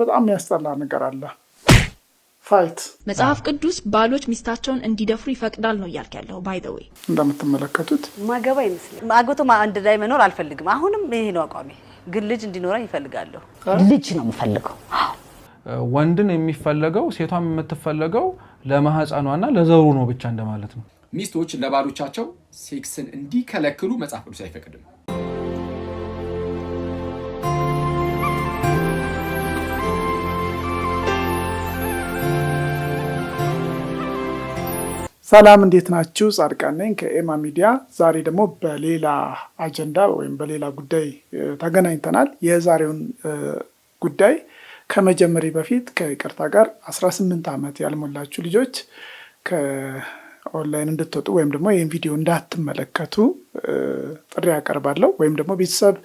በጣም ያስጠላ ነገር አለ። ፋይት መጽሐፍ ቅዱስ ባሎች ሚስታቸውን እንዲደፍሩ ይፈቅዳል ነው እያልክ ያለው? ባይ ዘ ወይ እንደምትመለከቱት ማገባ ይመስለኝ አግብቶ አንድ ላይ መኖር አልፈልግም። አሁንም ይሄ ነው አቋሚ፣ ግን ልጅ እንዲኖረኝ ይፈልጋለሁ። ልጅ ነው የምፈልገው። ወንድን የሚፈለገው ሴቷም የምትፈለገው ለማህፀኗና ለዘሩ ነው ብቻ እንደማለት ነው። ሚስቶች ለባሎቻቸው ሴክስን እንዲከለክሉ መጽሐፍ ቅዱስ አይፈቅድም። ሰላም እንዴት ናችሁ? ጻድቃን ነኝ ከኤማ ሚዲያ። ዛሬ ደግሞ በሌላ አጀንዳ ወይም በሌላ ጉዳይ ተገናኝተናል። የዛሬውን ጉዳይ ከመጀመሪ በፊት ከይቅርታ ጋር 18 ዓመት ያልሞላችሁ ልጆች ከኦንላይን እንድትወጡ ወይም ደግሞ ይህን ቪዲዮ እንዳትመለከቱ ጥሪ ያቀርባለሁ። ወይም ደግሞ ቤተሰብ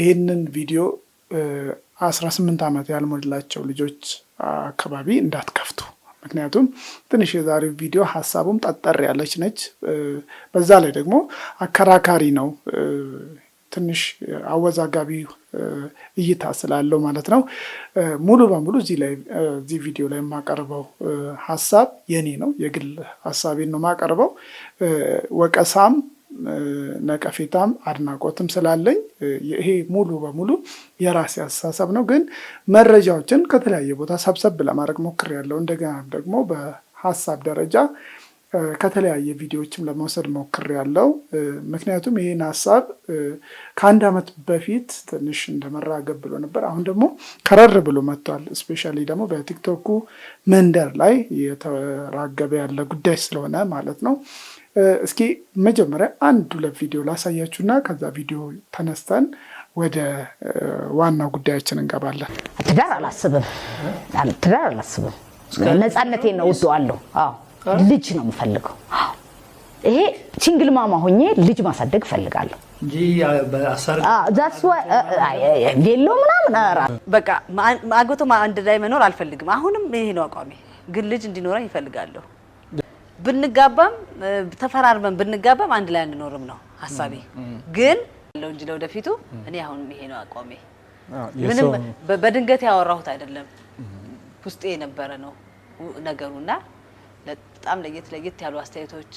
ይህንን ቪዲዮ 18 ዓመት ያልሞላቸው ልጆች አካባቢ እንዳትከፍቱ ምክንያቱም ትንሽ የዛሬው ቪዲዮ ሀሳቡም ጠጠር ያለች ነች። በዛ ላይ ደግሞ አከራካሪ ነው። ትንሽ አወዛጋቢ እይታ ስላለው ማለት ነው። ሙሉ በሙሉ እዚህ ቪዲዮ ላይ የማቀርበው ሀሳብ የኔ ነው፣ የግል ሀሳቤን ነው የማቀርበው። ወቀሳም ነቀፌታም አድናቆትም ስላለኝ ይሄ ሙሉ በሙሉ የራሴ አስተሳሰብ ነው። ግን መረጃዎችን ከተለያየ ቦታ ሰብሰብ ለማድረግ ሞክር ያለው እንደገና ደግሞ በሀሳብ ደረጃ ከተለያየ ቪዲዮዎችም ለመውሰድ ሞክር ያለው ምክንያቱም ይህን ሀሳብ ከአንድ ዓመት በፊት ትንሽ እንደመራገብ ብሎ ነበር። አሁን ደግሞ ከረር ብሎ መጥቷል። እስፔሻሊ ደግሞ በቲክቶኩ መንደር ላይ እየተራገበ ያለ ጉዳይ ስለሆነ ማለት ነው። እስኪ መጀመሪያ አንድ ሁለት ቪዲዮ ላሳያችሁና ከዛ ቪዲዮ ተነስተን ወደ ዋናው ጉዳያችን እንገባለን። ትዳር አላስብም፣ ትዳር አላስብም። ነፃነቴ ነው እወደዋለሁ። ልጅ ነው የምፈልገው። ይሄ ሲንግል ማማ ሆኜ ልጅ ማሳደግ እፈልጋለሁ። ሌለው ምናምን በቃ አንድ ላይ መኖር አልፈልግም። አሁንም ይሄ ነው አቋሜ፣ ግን ልጅ እንዲኖረኝ ይፈልጋለሁ። ብንጋባም ተፈራርመን ብንጋባም አንድ ላይ አንኖርም ነው ሀሳቤ። ግን ያለው እንጂ ለወደፊቱ እኔ አሁን ይሄ ነው አቋሜ። ምንም በድንገት ያወራሁት አይደለም፣ ውስጤ የነበረ ነው ነገሩና በጣም ለየት ለየት ያሉ አስተያየቶች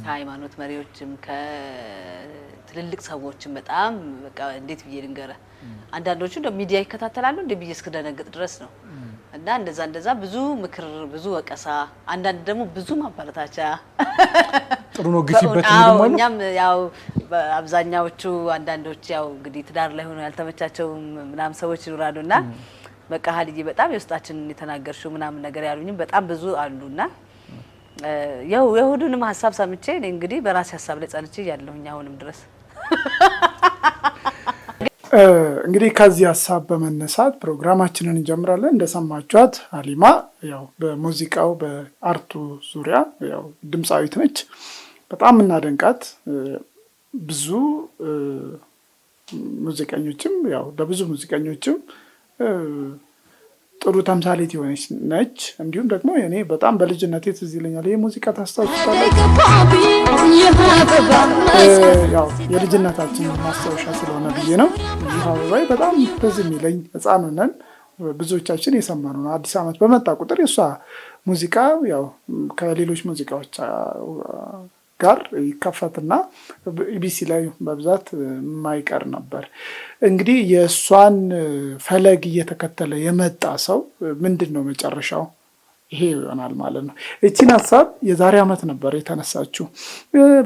ከሃይማኖት መሪዎችም ከትልልቅ ሰዎችም በጣም በቃ እንዴት ብዬ ልንገረ አንዳንዶቹ ሚዲያ ይከታተላሉ እንደ ብዬ እስክደነግጥ ድረስ ነው እና እንደዛ እንደዛ ብዙ ምክር፣ ብዙ ወቀሳ፣ አንዳንድ ደግሞ ብዙ ማበረታቻ ጥሩ ነው። ግፊበት እኛም ያው አብዛኛዎቹ አንዳንዶች ያው እንግዲህ ትዳር ላይ ሆኖ ያልተመቻቸው ምናምን ሰዎች ይኖራሉ እና በቃ ሀልዬ በጣም የውስጣችን የተናገርሽው ምናምን ነገር ያሉኝም በጣም ብዙ አሉና የሁሉንም ሀሳብ ሰምቼ እንግዲህ በራሴ ሀሳብ ላይ ጸንቼ ያለሁኝ አሁንም ድረስ እንግዲህ ከዚህ ሀሳብ በመነሳት ፕሮግራማችንን እንጀምራለን። እንደሰማችኋት አሊማ ያው በሙዚቃው በአርቱ ዙሪያ ያው ድምፃዊት ነች። በጣም እናደንቃት። ብዙ ሙዚቀኞችም ያው ለብዙ ሙዚቀኞችም ጥሩ ተምሳሌት የሆነች ነች። እንዲሁም ደግሞ እኔ በጣም በልጅነት ትዝ ይለኛል ይህ ሙዚቃ ታስታውሳለሁ። የልጅነታችን ማስታወሻ ስለሆነ ብዬ ነው። ይህ አበባይ በጣም ትዝ የሚለኝ ሕፃን ሆነን ብዙዎቻችን የሰማነው ነው። አዲስ ዓመት በመጣ ቁጥር የእሷ ሙዚቃ ያው ከሌሎች ሙዚቃዎች ጋር ይከፈትና ኢቢሲ ላይ በብዛት የማይቀር ነበር። እንግዲህ የእሷን ፈለግ እየተከተለ የመጣ ሰው ምንድን ነው መጨረሻው? ይሄ ይሆናል ማለት ነው። እቺን ሀሳብ የዛሬ ዓመት ነበር የተነሳችው።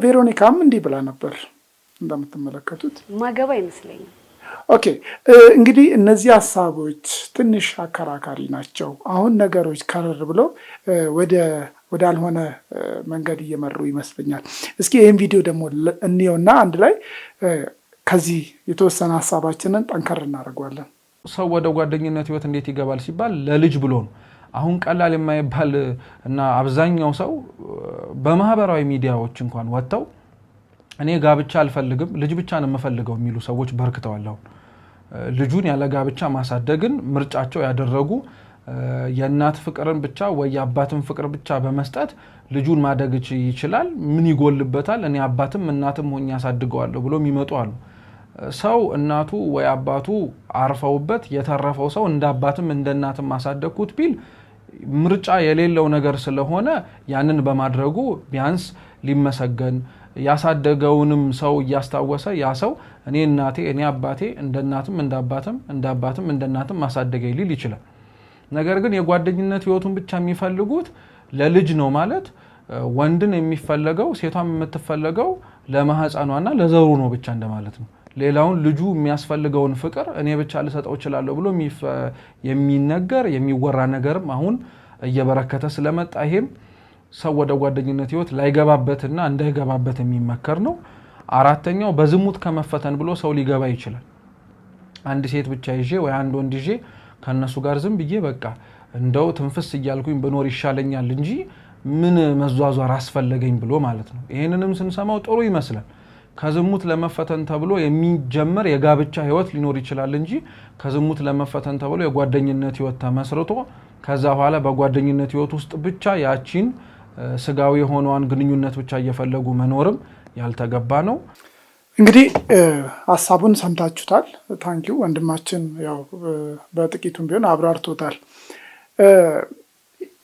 ቬሮኒካም እንዲህ ብላ ነበር እንደምትመለከቱት ማገባ ይመስለኛል። ኦኬ እንግዲህ እነዚህ ሀሳቦች ትንሽ አከራካሪ ናቸው። አሁን ነገሮች ከረር ብለው ወደ ወዳልሆነ መንገድ እየመሩ ይመስለኛል። እስኪ ይህን ቪዲዮ ደግሞ እንየውና አንድ ላይ ከዚህ የተወሰነ ሀሳባችንን ጠንከር እናደርገዋለን። ሰው ወደ ጓደኝነት ህይወት እንዴት ይገባል ሲባል ለልጅ ብሎ ነው። አሁን ቀላል የማይባል እና አብዛኛው ሰው በማህበራዊ ሚዲያዎች እንኳን ወጥተው እኔ ጋብቻ አልፈልግም ልጅ ብቻ ነው የምፈልገው የሚሉ ሰዎች በርክተዋል። አሁን ልጁን ያለ ጋብቻ ማሳደግን ምርጫቸው ያደረጉ የእናት ፍቅርን ብቻ ወይ የአባትን ፍቅር ብቻ በመስጠት ልጁን ማደግ ይችላል። ምን ይጎልበታል? እኔ አባትም እናትም ሆኜ ያሳድገዋለሁ ብሎ የሚመጡ አሉ። ሰው እናቱ ወይ አባቱ አርፈውበት የተረፈው ሰው እንደ አባትም እንደ እናትም አሳደግኩት ቢል ምርጫ የሌለው ነገር ስለሆነ ያንን በማድረጉ ቢያንስ ሊመሰገን ያሳደገውንም ሰው እያስታወሰ ያ ሰው እኔ እናቴ እኔ አባቴ እንደ እናትም እንደ አባትም እንደ አባትም እንደ እናትም ማሳደገ ሊል ይችላል። ነገር ግን የጓደኝነት ህይወቱን ብቻ የሚፈልጉት ለልጅ ነው ማለት ወንድን የሚፈለገው ሴቷን የምትፈለገው ለማህፀኗና ለዘሩ ነው ብቻ እንደማለት ነው። ሌላውን ልጁ የሚያስፈልገውን ፍቅር እኔ ብቻ ልሰጠው እችላለሁ ብሎ የሚነገር የሚወራ ነገርም አሁን እየበረከተ ስለመጣ ይሄም ሰው ወደ ጓደኝነት ህይወት ላይገባበትና እንዳይገባበት የሚመከር ነው። አራተኛው በዝሙት ከመፈተን ብሎ ሰው ሊገባ ይችላል። አንድ ሴት ብቻ ይዤ ወይ አንድ ወንድ ይዤ ከእነሱ ጋር ዝም ብዬ በቃ እንደው ትንፍስ እያልኩኝ ብኖር ይሻለኛል እንጂ ምን መዟዟር አስፈለገኝ ብሎ ማለት ነው። ይህንንም ስንሰማው ጥሩ ይመስላል። ከዝሙት ለመፈተን ተብሎ የሚጀመር የጋብቻ ህይወት ሊኖር ይችላል እንጂ ከዝሙት ለመፈተን ተብሎ የጓደኝነት ህይወት ተመስርቶ ከዛ በኋላ በጓደኝነት ህይወት ውስጥ ብቻ ያቺን ስጋዊ የሆነዋን ግንኙነት ብቻ እየፈለጉ መኖርም ያልተገባ ነው። እንግዲህ ሀሳቡን ሰምታችሁታል። ታንኪ ወንድማችን ያው በጥቂቱም ቢሆን አብራርቶታል።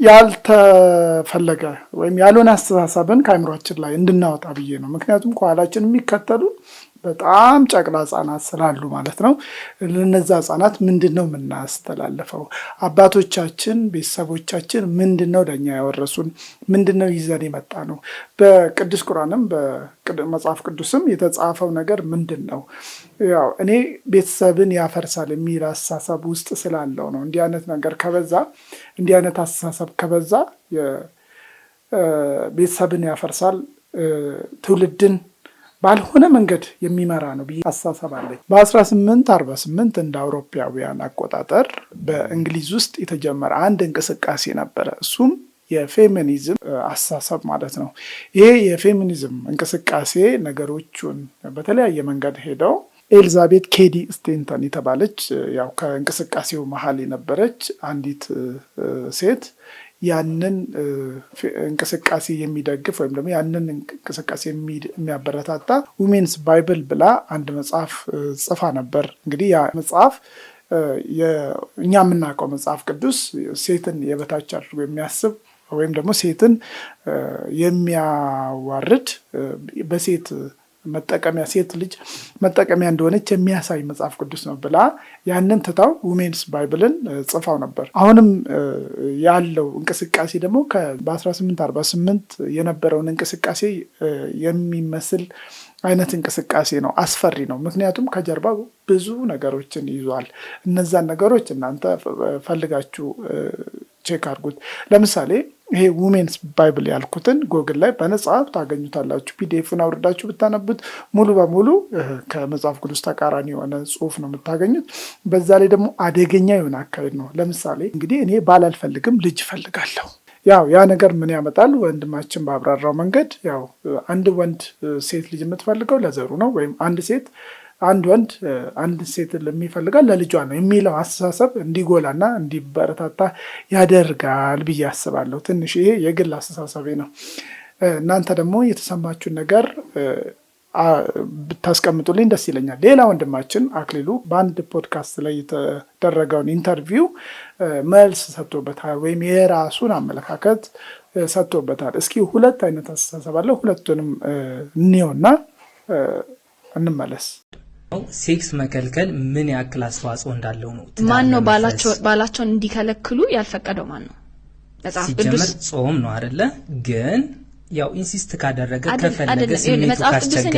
ያልተፈለገ ወይም ያልሆነ አስተሳሰብን ከአይምሯችን ላይ እንድናወጣ ብዬ ነው። ምክንያቱም ከኋላችን የሚከተሉ በጣም ጨቅላ ህጻናት ስላሉ ማለት ነው። ለነዛ ህጻናት ምንድን ነው የምናስተላልፈው? አባቶቻችን፣ ቤተሰቦቻችን ምንድን ነው ለእኛ ያወረሱን? ምንድን ነው ይዘን የመጣ ነው? በቅዱስ ቁራንም በመጽሐፍ ቅዱስም የተጻፈው ነገር ምንድን ነው? ያው እኔ ቤተሰብን ያፈርሳል የሚል አስተሳሰብ ውስጥ ስላለው ነው። እንዲህ አይነት ነገር ከበዛ እንዲህ አይነት አስተሳሰብ ከበዛ ቤተሰብን ያፈርሳል ትውልድን ባልሆነ መንገድ የሚመራ ነው ብዬ አሳሰባለኝ። በ1848 እንደ አውሮፓውያን አቆጣጠር በእንግሊዝ ውስጥ የተጀመረ አንድ እንቅስቃሴ ነበረ። እሱም የፌሚኒዝም አሳሰብ ማለት ነው። ይሄ የፌሚኒዝም እንቅስቃሴ ነገሮቹን በተለያየ መንገድ ሄደው ኤልዛቤት ኬዲ ስቴንተን የተባለች ያው ከእንቅስቃሴው መሀል የነበረች አንዲት ሴት ያንን እንቅስቃሴ የሚደግፍ ወይም ደግሞ ያንን እንቅስቃሴ የሚያበረታታ ዊሜንስ ባይብል ብላ አንድ መጽሐፍ ጽፋ ነበር። እንግዲህ ያ መጽሐፍ እኛ የምናውቀው መጽሐፍ ቅዱስ ሴትን የበታች አድርጎ የሚያስብ ወይም ደግሞ ሴትን የሚያዋርድ በሴት መጠቀሚያ ሴት ልጅ መጠቀሚያ እንደሆነች የሚያሳይ መጽሐፍ ቅዱስ ነው ብላ ያንን ትታው ውሜንስ ባይብልን ጽፋው ነበር። አሁንም ያለው እንቅስቃሴ ደግሞ በ1848 የነበረውን እንቅስቃሴ የሚመስል አይነት እንቅስቃሴ ነው። አስፈሪ ነው። ምክንያቱም ከጀርባ ብዙ ነገሮችን ይዟል። እነዛን ነገሮች እናንተ ፈልጋችሁ ቼክ አድርጉት። ለምሳሌ ይሄ ውሜንስ ባይብል ያልኩትን ጎግል ላይ በነጻ ታገኙታላችሁ። ፒዲኤፍን አውርዳችሁ ብታነቡት ሙሉ በሙሉ ከመጽሐፍ ቅዱስ ተቃራኒ የሆነ ጽሁፍ ነው የምታገኙት። በዛ ላይ ደግሞ አደገኛ የሆነ አካሄድ ነው። ለምሳሌ እንግዲህ እኔ ባል አልፈልግም፣ ልጅ እፈልጋለሁ። ያው ያ ነገር ምን ያመጣል? ወንድማችን ባብራራው መንገድ ያው አንድ ወንድ ሴት ልጅ የምትፈልገው ለዘሩ ነው ወይም አንድ ሴት አንድ ወንድ አንድ ሴት ለሚፈልጋል ለልጇ ነው የሚለው አስተሳሰብ እንዲጎላና እንዲበረታታ ያደርጋል ብዬ አስባለሁ። ትንሽ ይሄ የግል አስተሳሰቤ ነው። እናንተ ደግሞ የተሰማችሁን ነገር ብታስቀምጡልኝ ደስ ይለኛል። ሌላ ወንድማችን አክሊሉ በአንድ ፖድካስት ላይ የተደረገውን ኢንተርቪው መልስ ሰጥቶበታል፣ ወይም የራሱን አመለካከት ሰጥቶበታል። እስኪ ሁለት አይነት አስተሳሰብ አለ፣ ሁለቱንም እንየውና እንመለስ። ሴክስ መከልከል ምን ያክል አስተዋጽኦ እንዳለው ነው። ማን ነው ባላቸውን እንዲከለክሉ ያልፈቀደው? ማን ነው? ሲጀመር ጾም ነው አደለ? ግን ያው ኢንሲስት ካደረገ ከፈለገ ስሜቱ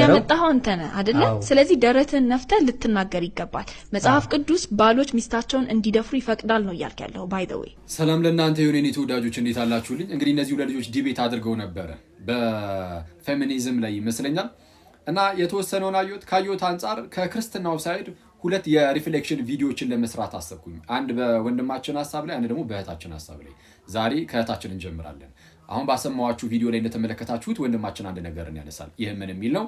ያመጣኸው አንተ ነህ አደለ? ስለዚህ ደረትህን ነፍተህ ልትናገር ይገባል። መጽሐፍ ቅዱስ ባሎች ሚስታቸውን እንዲደፍሩ ይፈቅዳል ነው እያልክ ያለው። ባይ ዘ ዌይ ሰላም ለእናንተ የሆነ የኔ ተወዳጆች፣ እንዴት አላችሁልኝ? እንግዲህ እነዚህ ሁለት ልጆች ዲቤት አድርገው ነበረ በፌሚኒዝም ላይ ይመስለኛል እና የተወሰነውን አየሁት። ካየሁት አንጻር ከክርስትናው ሳይድ ሁለት የሪፍሌክሽን ቪዲዮዎችን ለመስራት አሰብኩኝ። አንድ በወንድማችን ሀሳብ ላይ፣ አንድ ደግሞ በእህታችን ሀሳብ ላይ። ዛሬ ከእህታችን እንጀምራለን። አሁን ባሰማዋችሁ ቪዲዮ ላይ እንደተመለከታችሁት ወንድማችን አንድ ነገርን ያነሳል። ይህ ምን የሚል ነው?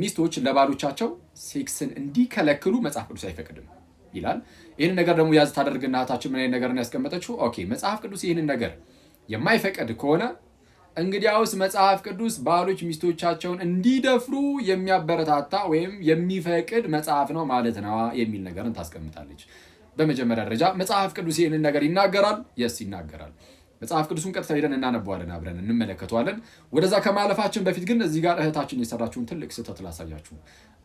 ሚስቶች ለባሎቻቸው ሴክስን እንዲከለክሉ መጽሐፍ ቅዱስ አይፈቅድም ይላል። ይህንን ነገር ደግሞ ያዝ ታደርግና እህታችን ምን አይነት ነገርን ያስቀመጠችው? ኦኬ መጽሐፍ ቅዱስ ይህንን ነገር የማይፈቅድ ከሆነ እንግዲያውስ መጽሐፍ ቅዱስ ባሎች ሚስቶቻቸውን እንዲደፍሩ የሚያበረታታ ወይም የሚፈቅድ መጽሐፍ ነው ማለት ነዋ የሚል ነገርን ታስቀምጣለች። በመጀመሪያ ደረጃ መጽሐፍ ቅዱስ ይህንን ነገር ይናገራል። የስ ይናገራል። መጽሐፍ ቅዱሱን ቀጥታ ሄደን እናነበዋለን፣ አብረን እንመለከተዋለን። ወደዛ ከማለፋችን በፊት ግን እዚህ ጋር እህታችን የሰራችሁን ትልቅ ስህተት ላሳያችሁ።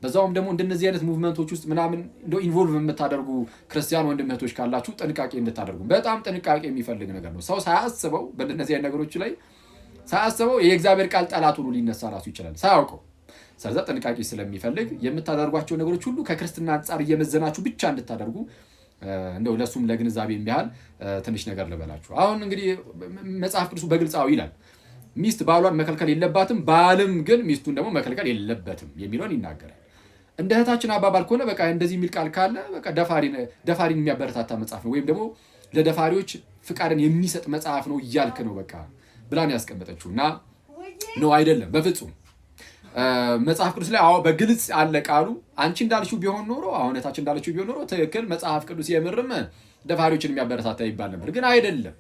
በዛውም ደግሞ እንደነዚህ አይነት ሙቭመንቶች ውስጥ ምናምን እንደ ኢንቮልቭ የምታደርጉ ክርስቲያን ወንድም እህቶች ካላችሁ ጥንቃቄ እንድታደርጉ፣ በጣም ጥንቃቄ የሚፈልግ ነገር ነው። ሰው ሳያስበው በእንደነዚህ አይነት ነገሮች ላይ ሳያስበው የእግዚአብሔር ቃል ጠላት ሆኖ ሊነሳ ራሱ ይችላል ሳያውቀው። ስለዚ ጥንቃቄ ስለሚፈልግ የምታደርጓቸው ነገሮች ሁሉ ከክርስትና አንጻር እየመዘናችሁ ብቻ እንድታደርጉ እንደው ለእሱም ለግንዛቤ የሚያህል ትንሽ ነገር ልበላችሁ። አሁን እንግዲህ መጽሐፍ ቅዱሱ በግልጻዊ ይላል ሚስት ባሏን መከልከል የለባትም፣ ባልም ግን ሚስቱን ደግሞ መከልከል የለበትም የሚለውን ይናገራል። እንደ እህታችን አባባል ከሆነ በቃ እንደዚህ የሚል ቃል ካለ ደፋሪን የሚያበረታታ መጽሐፍ ነው ወይም ደግሞ ለደፋሪዎች ፍቃድን የሚሰጥ መጽሐፍ ነው እያልክ ነው በቃ ብላን ያስቀመጠችው እና ነው አይደለም፣ በፍጹም መጽሐፍ ቅዱስ ላይ አዎ በግልጽ አለ ቃሉ። አንቺ እንዳልሽው ቢሆን ኖሮ እውነታችን እንዳለችው ቢሆን ኖሮ ትክክል መጽሐፍ ቅዱስ የምርም ደፋሪዎችን የሚያበረታታ ይባል ነበር። ግን አይደለም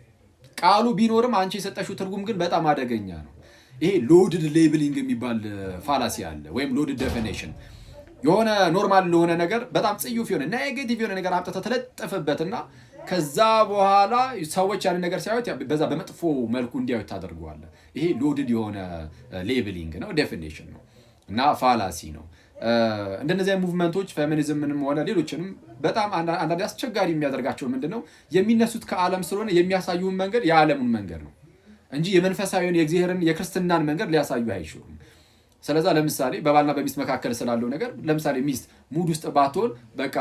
ቃሉ ቢኖርም አንቺ የሰጠሽው ትርጉም ግን በጣም አደገኛ ነው። ይሄ ሎድድ ሌብሊንግ የሚባል ፋላሲ አለ፣ ወይም ሎድድ ዴፊኔሽን የሆነ ኖርማል ለሆነ ነገር በጣም ጽዩፍ የሆነ ኔጌቲቭ የሆነ ነገር አምጥተህ ተለጠፈበትና ከዛ በኋላ ሰዎች ያንን ነገር ሲያዩት በዛ በመጥፎ መልኩ እንዲያዩት ታደርገዋለ ይሄ ሎድድ የሆነ ሌብሊንግ uh, ነው፣ ዴፊኔሽን ነው እና ፋላሲ ነው። እንደነዚያ ሙቭመንቶች ፌሚኒዝምንም ሆነ ሌሎችንም በጣም አንዳንድ አስቸጋሪ የሚያደርጋቸው ምንድን ነው የሚነሱት ከዓለም ስለሆነ የሚያሳዩን መንገድ የዓለሙን መንገድ ነው እንጂ የመንፈሳዊን የእግዚአብሔርን የክርስትናን መንገድ ሊያሳዩ አይችሉም። ስለዛ ለምሳሌ በባልና በሚስት መካከል ስላለው ነገር ለምሳሌ ሚስት ሙድ ውስጥ ባትሆን በቃ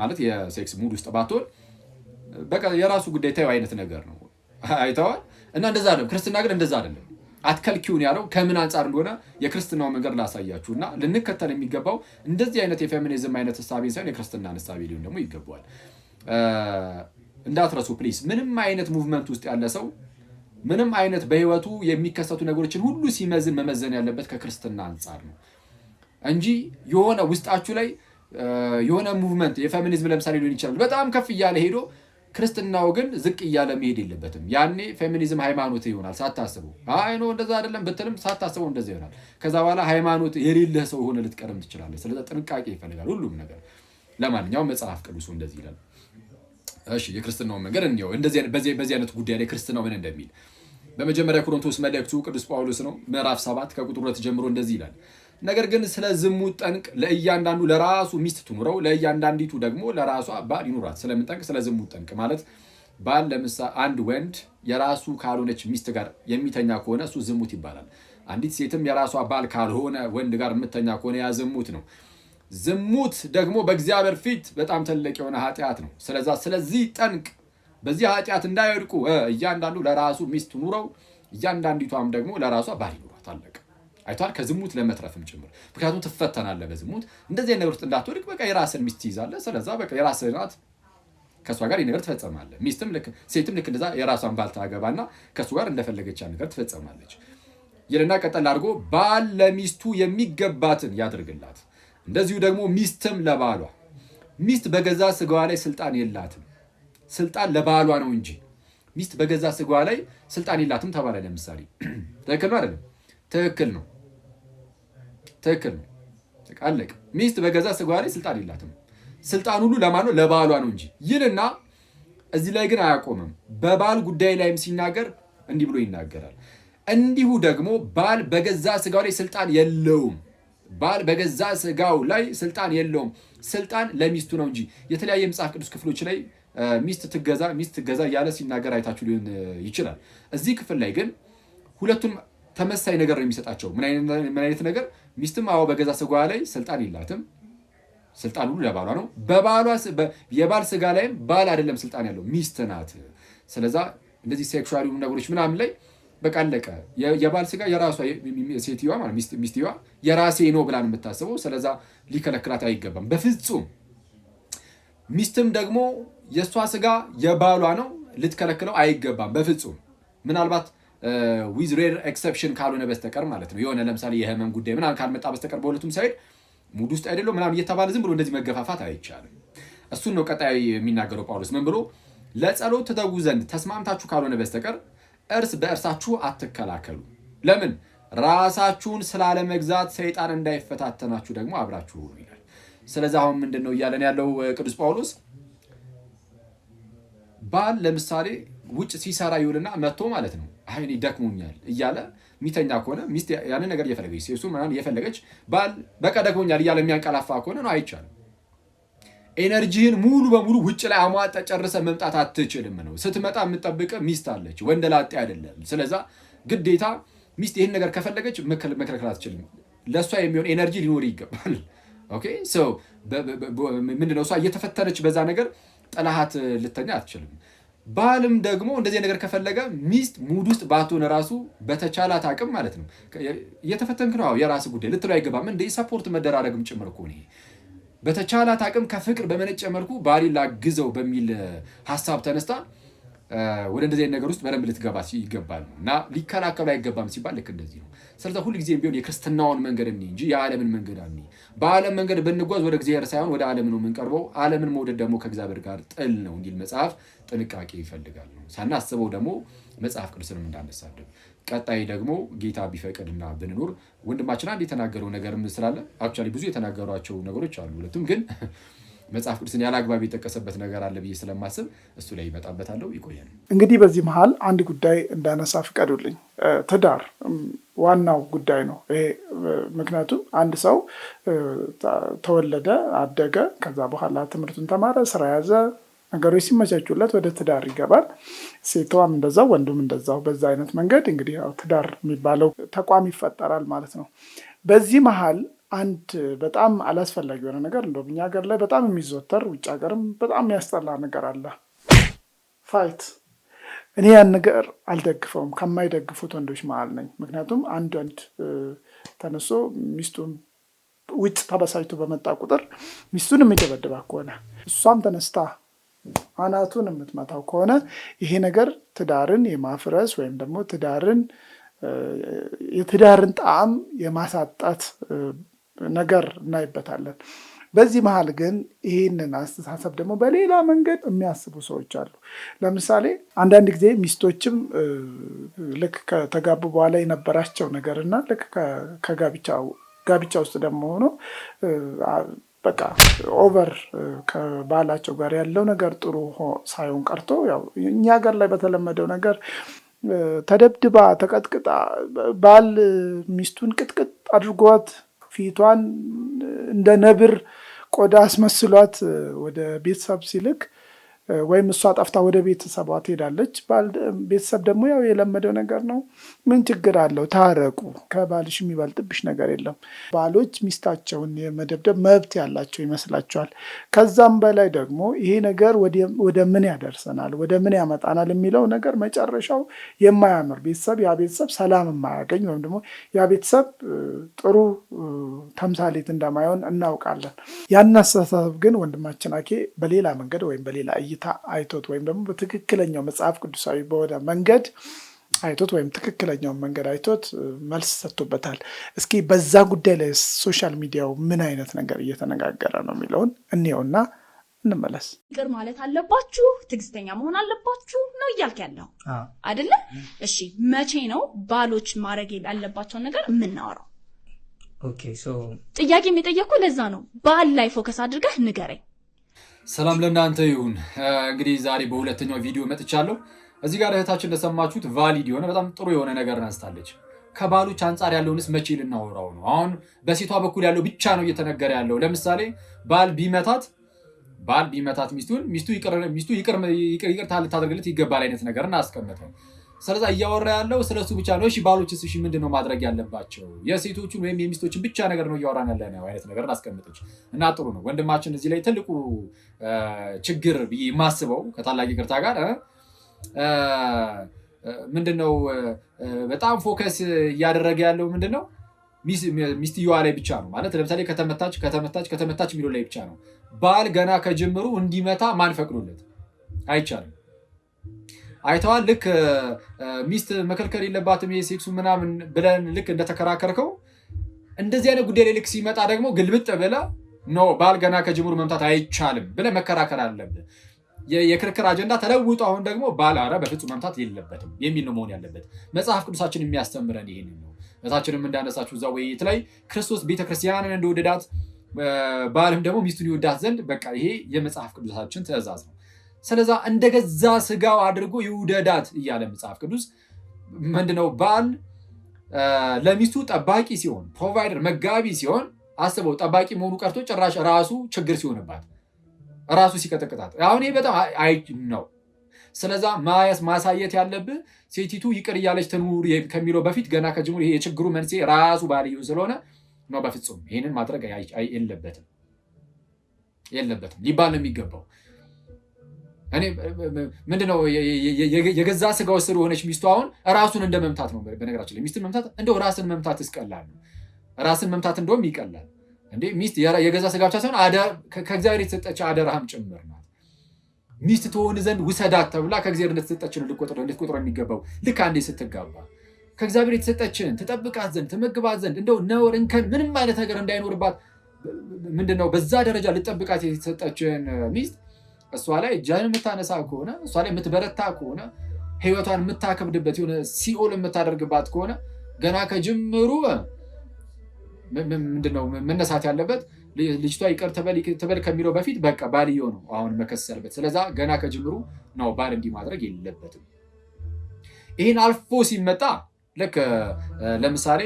ማለት የሴክስ ሙድ ውስጥ ባትሆን በቃ የራሱ ጉዳይ ታዩ አይነት ነገር ነው። አይተዋል እና እንደዛ አይደለም። ክርስትና ግን እንደዛ አይደለም። አትከልኪውን ያለው ከምን አንጻር እንደሆነ የክርስትናው መንገድ ላሳያችሁ እና ልንከተል የሚገባው እንደዚህ አይነት የፌሚኒዝም አይነት እሳቤን ሳይሆን የክርስትናን እሳቤ ሊሆን ደግሞ ይገባዋል። እንዳትረሱ ፕሊስ። ምንም አይነት ሙቭመንት ውስጥ ያለ ሰው ምንም አይነት በህይወቱ የሚከሰቱ ነገሮችን ሁሉ ሲመዝን መመዘን ያለበት ከክርስትና አንጻር ነው እንጂ የሆነ ውስጣችሁ ላይ የሆነ ሙቭመንት የፌሚኒዝም ለምሳሌ ሊሆን ይችላል በጣም ከፍ እያለ ሄዶ ክርስትናው ግን ዝቅ እያለ መሄድ የለበትም። ያኔ ፌሚኒዝም ሃይማኖት ይሆናል ሳታስቡ። አይኖ እንደዛ አይደለም ብትልም ሳታስቡ እንደዛ ይሆናል። ከዛ በኋላ ሃይማኖት የሌለህ ሰው ሆነ ልትቀርም ትችላለህ። ስለዚ ጥንቃቄ ይፈልጋል ሁሉም ነገር። ለማንኛውም መጽሐፍ ቅዱሱ እንደዚህ ይላል። እሺ የክርስትናውን መንገድ እንየው። በዚህ አይነት ጉዳይ ላይ ክርስትናው ምን እንደሚል በመጀመሪያ ቆሮንቶስ መልእክቱ ቅዱስ ጳውሎስ ነው ምዕራፍ ሰባት ከቁጥር ሁለት ጀምሮ እንደዚህ ይላል ነገር ግን ስለ ዝሙት ጠንቅ ለእያንዳንዱ ለራሱ ሚስት ትኑረው፣ ለእያንዳንዲቱ ደግሞ ለራሷ ባል ይኑራት። ስለምንጠንቅ ስለ ዝሙት ጠንቅ ማለት ባል ለምሳ አንድ ወንድ የራሱ ካልሆነች ሚስት ጋር የሚተኛ ከሆነ እሱ ዝሙት ይባላል። አንዲት ሴትም የራሷ ባል ካልሆነ ወንድ ጋር የምተኛ ከሆነ ያ ዝሙት ነው። ዝሙት ደግሞ በእግዚአብሔር ፊት በጣም ትልቅ የሆነ ኃጢአት ነው። ስለዛ ስለዚህ ጠንቅ በዚህ ኃጢአት እንዳይወድቁ እያንዳንዱ ለራሱ ሚስት ኑረው፣ እያንዳንዲቷም ደግሞ ለራሷ ባል ይኑራት። አለቀ። አይቷል። ከዝሙት ለመትረፍም ጭምር ምክንያቱም ትፈተናለ በዝሙት እንደዚህ ነገር ውስጥ እንዳትወድቅ በቃ የራስን ሚስት ይዛለ። ስለዛ በቃ የራስህ ናት ከእሷ ጋር ነገር ትፈጸማለ። ሚስትም ሴትም ልክ እንደዛ የራሷን ባል ታገባና ከእሱ ጋር እንደፈለገች ነገር ትፈጸማለች። ይልና ቀጠል አድርጎ ባል ለሚስቱ የሚገባትን ያድርግላት፣ እንደዚሁ ደግሞ ሚስትም ለባሏ። ሚስት በገዛ ስጋዋ ላይ ስልጣን የላትም። ስልጣን ለባሏ ነው እንጂ ሚስት በገዛ ስጋዋ ላይ ስልጣን የላትም ተባለ። ለምሳሌ ትክክል ነው አይደለም? ትክክል ነው። ትክክል ነው። አለቅ ሚስት በገዛ ስጋ ላይ ስልጣን የላትም። ስልጣን ሁሉ ለማን ነው? ለባሏ ነው እንጂ ይልና እዚህ ላይ ግን አያቆምም። በባል ጉዳይ ላይም ሲናገር እንዲህ ብሎ ይናገራል። እንዲሁ ደግሞ ባል በገዛ ስጋው ላይ ስልጣን የለውም። ባል በገዛ ስጋው ላይ ስልጣን የለውም። ስልጣን ለሚስቱ ነው እንጂ የተለያየ መጽሐፍ ቅዱስ ክፍሎች ላይ ሚስት ትገዛ ሚስት ትገዛ እያለ ሲናገር አይታችሁ ሊሆን ይችላል። እዚህ ክፍል ላይ ግን ሁለቱም ተመሳይ ነገር ነው የሚሰጣቸው። ምን አይነት ነገር? ሚስትም አዎ በገዛ ስጋ ላይ ስልጣን የላትም። ስልጣን ሁሉ ለባሏ ነው። የባል ስጋ ላይም ባል አይደለም ስልጣን ያለው ሚስት ናት። ስለዛ እንደዚህ ሴክሹዋል ነገሮች ምናምን ላይ በቃ አለቀ። የባል ስጋ የራሷ ሴትዮዋ ማለት የራሴ ነው ብላ ነው የምታስበው። ስለዛ ሊከለክላት አይገባም በፍጹም። ሚስትም ደግሞ የእሷ ስጋ የባሏ ነው፣ ልትከለክለው አይገባም በፍጹም ምናልባት ዊዝ ሬር ኤክሰፕሽን ካልሆነ በስተቀር ማለት ነው። የሆነ ለምሳሌ የህመም ጉዳይ ምናምን ካልመጣ በስተቀር በሁለቱም ሳይድ ሙድ ውስጥ አይደለው ምናምን እየተባለ ዝም ብሎ እንደዚህ መገፋፋት አይቻልም። እሱን ነው ቀጣይ የሚናገረው ጳውሎስ ምን ብሎ ለጸሎት ትተጉ ዘንድ ተስማምታችሁ ካልሆነ በስተቀር እርስ በእርሳችሁ አትከላከሉ። ለምን ራሳችሁን ስላለመግዛት ሰይጣን እንዳይፈታተናችሁ ደግሞ አብራችሁ ይላል። ስለዚህ አሁን ምንድን ነው እያለን ያለው ቅዱስ ጳውሎስ ባል ለምሳሌ ውጭ ሲሰራ ይውልና መጥቶ ማለት ነው አይን ደክሞኛል እያለ ሚተኛ ከሆነ ሚስት ያንን ነገር እየፈለገች ሴሱ ምናምን እየፈለገች ባል በቃ ደክሞኛል እያለ የሚያንቀላፋ ከሆነ ነው አይቻልም። ኤነርጂህን ሙሉ በሙሉ ውጭ ላይ አሟጠ ጨርሰ መምጣት አትችልም ነው። ስትመጣ የምጠብቅ ሚስት አለች፣ ላጤ አይደለም። ስለዛ ግዴታ ሚስት ይህን ነገር ከፈለገች መከልከል አትችልም። ለእሷ የሚሆን ኤነርጂ ሊኖር ይገባል። ምንድነው እሷ እየተፈተነች በዛ ነገር ጥላሃት ልተኛ አትችልም። ባልም ደግሞ እንደዚህ ነገር ከፈለገ ሚስት ሙድ ውስጥ ባትሆን ራሱ በተቻላት አቅም ማለት ነው እየተፈተንክ ነው የራስ ጉዳይ ልትለው አይገባም እንደ ሰፖርት መደራረግም ጭምር እኮ በተቻላት አቅም ከፍቅር በመነጨ መልኩ ባሌ ላግዘው በሚል ሀሳብ ተነስታ ወደ እንደዚህ ነገር ውስጥ በደንብ ልትገባ ይገባል ነው እና ሊከላከሉ አይገባም ሲባል ልክ እንደዚህ ነው። ስለዚህ ሁልጊዜም ቢሆን የክርስትናውን መንገድ እኒ እንጂ የዓለምን መንገድ አኒ። በዓለም መንገድ ብንጓዝ ወደ እግዚአብሔር ሳይሆን ወደ ዓለም ነው የምንቀርበው። ዓለምን መውደድ ደግሞ ከእግዚአብሔር ጋር ጥል ነው እንዲል መጽሐፍ ጥንቃቄ ይፈልጋል ነው። ሳናስበው ደግሞ መጽሐፍ ቅዱስንም እንዳነሳደብ ቀጣይ ደግሞ ጌታ ቢፈቅድና ብንኖር ወንድማችን አንድ የተናገረው ነገርም ስላለ አክቹዋሊ ብዙ የተናገሯቸው ነገሮች አሉ ሁለቱም ግን መጽሐፍ ቅዱስን ያለ አግባብ የጠቀሰበት ነገር አለ ብዬ ስለማስብ እሱ ላይ ይመጣበታለሁ። ይቆያል። እንግዲህ በዚህ መሀል አንድ ጉዳይ እንዳነሳ ፍቀዱልኝ። ትዳር ዋናው ጉዳይ ነው ይሄ። ምክንያቱም አንድ ሰው ተወለደ፣ አደገ፣ ከዛ በኋላ ትምህርቱን ተማረ፣ ስራ ያዘ ነገሮች ሲመቻቹለት ወደ ትዳር ይገባል። ሴቷም እንደዛው ወንዱም እንደዛው። በዛ አይነት መንገድ እንግዲህ ያው ትዳር የሚባለው ተቋም ይፈጠራል ማለት ነው። በዚህ መሀል አንድ በጣም አላስፈላጊ የሆነ ነገር እንደ እኛ ሀገር ላይ በጣም የሚዘወተር ውጭ ሀገርም በጣም የሚያስጠላ ነገር አለ፣ ፋይት። እኔ ያን ነገር አልደግፈውም፣ ከማይደግፉት ወንዶች መሀል ነኝ። ምክንያቱም አንድ ወንድ ተነስቶ ሚስቱን ውጭ ተበሳጭቶ በመጣ ቁጥር ሚስቱን የሚደበድባ ከሆነ እሷም ተነስታ አናቱን የምትመታው ከሆነ ይሄ ነገር ትዳርን የማፍረስ ወይም ደግሞ ትዳርን የትዳርን ጣዕም የማሳጣት ነገር እናይበታለን። በዚህ መሀል ግን ይህንን አስተሳሰብ ደግሞ በሌላ መንገድ የሚያስቡ ሰዎች አሉ። ለምሳሌ አንዳንድ ጊዜ ሚስቶችም ልክ ከተጋቡ በኋላ የነበራቸው ነገር እና ልክ ከጋብቻ ውስጥ ደግሞ ሆኖ በቃ ኦቨር ከባላቸው ጋር ያለው ነገር ጥሩ ሳይሆን ቀርቶ ያው እኛ ሀገር ላይ በተለመደው ነገር ተደብድባ ተቀጥቅጣ ባል ሚስቱን ቅጥቅጥ አድርጓት ፊቷን እንደ ነብር ቆዳ አስመስሏት ወደ ቤተሰብ ሲልክ ወይም እሷ ጠፍታ ወደ ቤተሰቧ ትሄዳለች። ቤተሰብ ደግሞ ያው የለመደው ነገር ነው። ምን ችግር አለው? ታረቁ፣ ከባልሽ የሚበልጥብሽ ነገር የለም። ባሎች ሚስታቸውን የመደብደብ መብት ያላቸው ይመስላቸዋል። ከዛም በላይ ደግሞ ይሄ ነገር ወደ ምን ያደርሰናል፣ ወደ ምን ያመጣናል የሚለው ነገር መጨረሻው የማያምር ቤተሰብ፣ ያ ቤተሰብ ሰላም የማያገኝ ወይም ደግሞ ያ ቤተሰብ ጥሩ ተምሳሌት እንደማይሆን እናውቃለን። ያን አስተሳሰብ ግን ወንድማችን አኬ በሌላ መንገድ ወይም በሌላ እይ እይታ አይቶት ወይም ደግሞ በትክክለኛው መጽሐፍ ቅዱሳዊ በሆነ መንገድ አይቶት ወይም ትክክለኛውን መንገድ አይቶት መልስ ሰጥቶበታል። እስኪ በዛ ጉዳይ ላይ ሶሻል ሚዲያው ምን አይነት ነገር እየተነጋገረ ነው የሚለውን እንየውና እንመለስ። ይቅር ማለት አለባችሁ፣ ትዕግስተኛ መሆን አለባችሁ ነው እያልክ ያለው አይደለ? እሺ፣ መቼ ነው ባሎች ማድረግ ያለባቸውን ነገር የምናወራው? ጥያቄ የሚጠየቁ ለዛ ነው። ባል ላይ ፎከስ አድርገህ ንገረኝ። ሰላም ለእናንተ ይሁን። እንግዲህ ዛሬ በሁለተኛው ቪዲዮ መጥቻለሁ። እዚህ ጋር እህታችን እንደሰማችሁት ቫሊድ የሆነ በጣም ጥሩ የሆነ ነገር አንስታለች። ከባሎች አንጻር ያለውንስ መቼ ልናወራው ነው? አሁን በሴቷ በኩል ያለው ብቻ ነው እየተነገረ ያለው። ለምሳሌ ባል ቢመታት ባል ቢመታት ሚስቱን ሚስቱ ይቅርታ ልታደርግለት ይገባል አይነት ነገርን አስቀመጠ። ስለዛ እያወራ ያለው ስለ ብቻ ነው። እሺ ባሎችስ እሺ ምንድን ነው ማድረግ ያለባቸው? የሴቶችን ወይም የሚስቶችን ብቻ ነገር ነው እያወራን ያለ ነው አይነት ነገር አስቀምጠች እና ጥሩ ነው ወንድማችን። እዚህ ላይ ትልቁ ችግር ብዬ የማስበው ከታላቅ ይቅርታ ጋር ምንድነው በጣም ፎከስ እያደረገ ያለው ምንድነው ሚስትየዋ ላይ ብቻ ነው ማለት ለምሳሌ ከተመታች ከተመታች ከተመታች የሚለው ላይ ብቻ ነው። ባል ገና ከጀምሩ እንዲመታ ማን ፈቅዶለት? አይቻልም። አይተዋል። ልክ ሚስት መከልከል የለባትም ይሄ ሴክሱ ምናምን ብለን ልክ እንደተከራከርከው እንደዚህ አይነት ጉዳይ ልክ ሲመጣ ደግሞ ግልብጥ ብለ ኖ ባል ገና ከጅምሩ መምታት አይቻልም ብለ መከራከር አለብን። የክርክር አጀንዳ ተለውጦ አሁን ደግሞ ባል አረ በፍጹም መምታት የለበትም የሚል ነው መሆን ያለበት። መጽሐፍ ቅዱሳችን የሚያስተምረን ይህን ነው። እታችንም እንዳነሳችሁ እዛ ውይይት ላይ ክርስቶስ ቤተክርስቲያንን እንደወደዳት ባልም ደግሞ ሚስቱን ይወዳት ዘንድ በቃ ይሄ የመጽሐፍ ቅዱሳችን ትእዛዝ ነው። ስለዛ እንደገዛ ስጋው አድርጎ ይውደዳት እያለ መጽሐፍ ቅዱስ ምንድነው? ባል ለሚስቱ ጠባቂ ሲሆን፣ ፕሮቫይደር መጋቢ ሲሆን አስበው ጠባቂ መሆኑ ቀርቶ ጭራሽ ራሱ ችግር ሲሆንባት ራሱ ሲቀጠቅጣት፣ አሁን ይህ በጣም አይ ነው። ስለዛ ማሳየት ያለብህ ሴቲቱ ይቅር እያለች ትኑር ከሚለው በፊት ገና ከጅምሩ ይሄ የችግሩ መንስኤ ራሱ ባልየው ስለሆነ ነው። በፍጹም ይህንን ማድረግ የለበትም የለበትም ሊባል ነው የሚገባው። ምንድነው የገዛ ስጋው ስር የሆነች ሚስቱ አሁን ራሱን እንደ መምታት ነው። በነገራችን ላይ ሚስትን መምታት እንደው ራስን መምታት ይስቀላል። ራስን መምታት እንደውም ይቀላል። እንዴ ሚስት የገዛ ስጋ ብቻ ሳይሆን ከእግዚአብሔር የተሰጠች አደራህም ጭምር ናት። ሚስት ትሆን ዘንድ ውሰዳት ተብላ ከእግዚአብሔር እንደተሰጠች ልትቆጥሮ የሚገባው ልክ አንዴ ስትጋባ ከእግዚአብሔር የተሰጠችን ትጠብቃት ዘንድ ትመግባት ዘንድ እንደው ነውር እንከን ምንም አይነት ነገር እንዳይኖርባት ምንድነው በዛ ደረጃ ልጠብቃት የተሰጠችን ሚስት እሷ ላይ እጃን የምታነሳ ከሆነ እሷ ላይ የምትበረታ ከሆነ ህይወቷን የምታከብድበት የሆነ ሲኦል የምታደርግባት ከሆነ ገና ከጅምሩ ምንድነው መነሳት ያለበት? ልጅቷ ይቅር ትበል ከሚለው በፊት በቃ ባልየው ነው አሁን መከሰስ ያለበት። ስለዛ ገና ከጅምሩ ነው ባል እንዲህ ማድረግ የለበትም። ይህን አልፎ ሲመጣ ልክ ለምሳሌ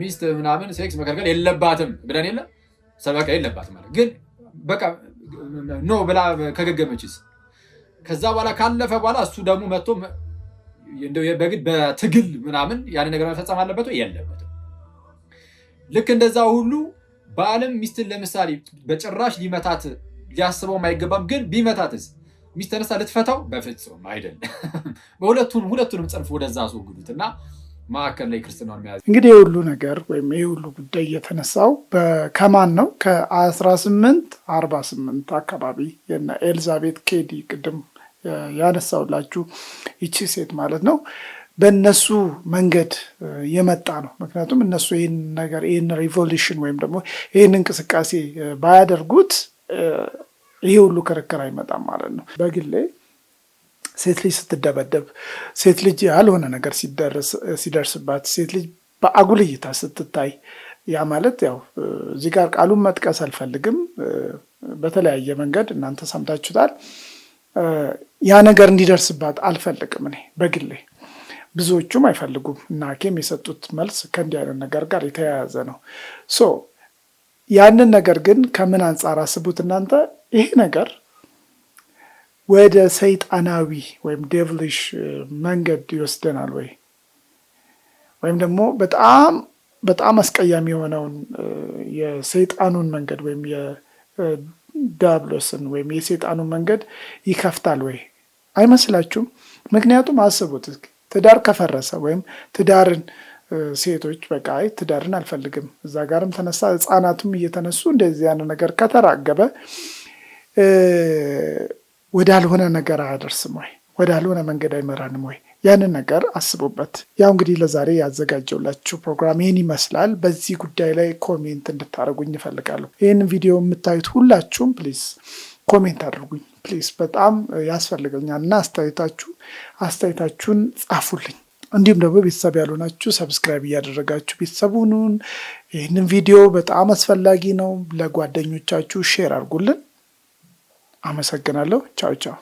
ሚስት ምናምን ሴክስ መከልከል የለባትም ብለን የለ ሰበቃ የለባትም ማለት ግን በቃ ኖ ብላ ከገገመችስ ከዛ በኋላ ካለፈ በኋላ እሱ ደግሞ መጥቶ በግድ በትግል ምናምን ያን ነገር መፈጸም አለበት ወይ? የለበትም። ልክ እንደዛ ሁሉ በዓለም ሚስትን ለምሳሌ በጭራሽ ሊመታት ሊያስበውም አይገባም። ግን ቢመታትስ ሚስት ተነሳ ልትፈታው? በፍጹም አይደለም። በሁለቱንም ሁለቱንም ጽንፍ ወደዛ አስወግዱት እና ማዕከል ላይ ክርስትና መያዝ እንግዲህ የሁሉ ነገር ወይም የሁሉ ጉዳይ የተነሳው ከማን ነው? ከ1848 አካባቢ የነ ኤልዛቤት ኬዲ ቅድም ያነሳውላችሁ ይቺ ሴት ማለት ነው በእነሱ መንገድ የመጣ ነው። ምክንያቱም እነሱ ይህን ነገር ይህን ሪቮሉሽን ወይም ደግሞ ይህን እንቅስቃሴ ባያደርጉት ይሄ ሁሉ ክርክር አይመጣም ማለት ነው በግሌ ሴት ልጅ ስትደበደብ፣ ሴት ልጅ ያልሆነ ነገር ሲደርስባት፣ ሴት ልጅ በአጉል እይታ ስትታይ ያ ማለት ያው እዚህ ጋር ቃሉን መጥቀስ አልፈልግም። በተለያየ መንገድ እናንተ ሰምታችሁታል። ያ ነገር እንዲደርስባት አልፈልግም እኔ በግሌ ብዙዎቹም አይፈልጉም እና የሰጡት መልስ ከእንዲህ አይነት ነገር ጋር የተያያዘ ነው። ሶ ያንን ነገር ግን ከምን አንጻር አስቡት እናንተ ይሄ ነገር ወደ ሰይጣናዊ ወይም ዴቭሊሽ መንገድ ይወስደናል ወይ ወይም ደግሞ በጣም በጣም አስቀያሚ የሆነውን የሰይጣኑን መንገድ ወይም የዳብሎስን ወይም የሰይጣኑን መንገድ ይከፍታል ወይ? አይመስላችሁም? ምክንያቱም አስቡት ትዳር ከፈረሰ ወይም ትዳርን ሴቶች በቃ አይ ትዳርን አልፈልግም እዛ ጋርም ተነሳ፣ ህፃናቱም እየተነሱ እንደዚህ ያን ነገር ከተራገበ ወዳልሆነ ነገር አያደርስም ወይ? ወዳልሆነ መንገድ አይመራንም ወይ? ያንን ነገር አስቡበት። ያው እንግዲህ ለዛሬ ያዘጋጀውላችሁ ፕሮግራም ይህን ይመስላል። በዚህ ጉዳይ ላይ ኮሜንት እንድታደርጉኝ እፈልጋለሁ። ይህን ቪዲዮ የምታዩት ሁላችሁም ፕሊዝ ኮሜንት አድርጉኝ ፕሊዝ፣ በጣም ያስፈልገኛል እና አስተያየታችሁ አስተያየታችሁን ጻፉልኝ። እንዲሁም ደግሞ ቤተሰብ ያልሆናችሁ ሰብስክራይብ እያደረጋችሁ ቤተሰብ ሁኑን። ይህንን ቪዲዮ በጣም አስፈላጊ ነው። ለጓደኞቻችሁ ሼር አድርጉልን። አመሰግናለሁ። ቻው ቻው።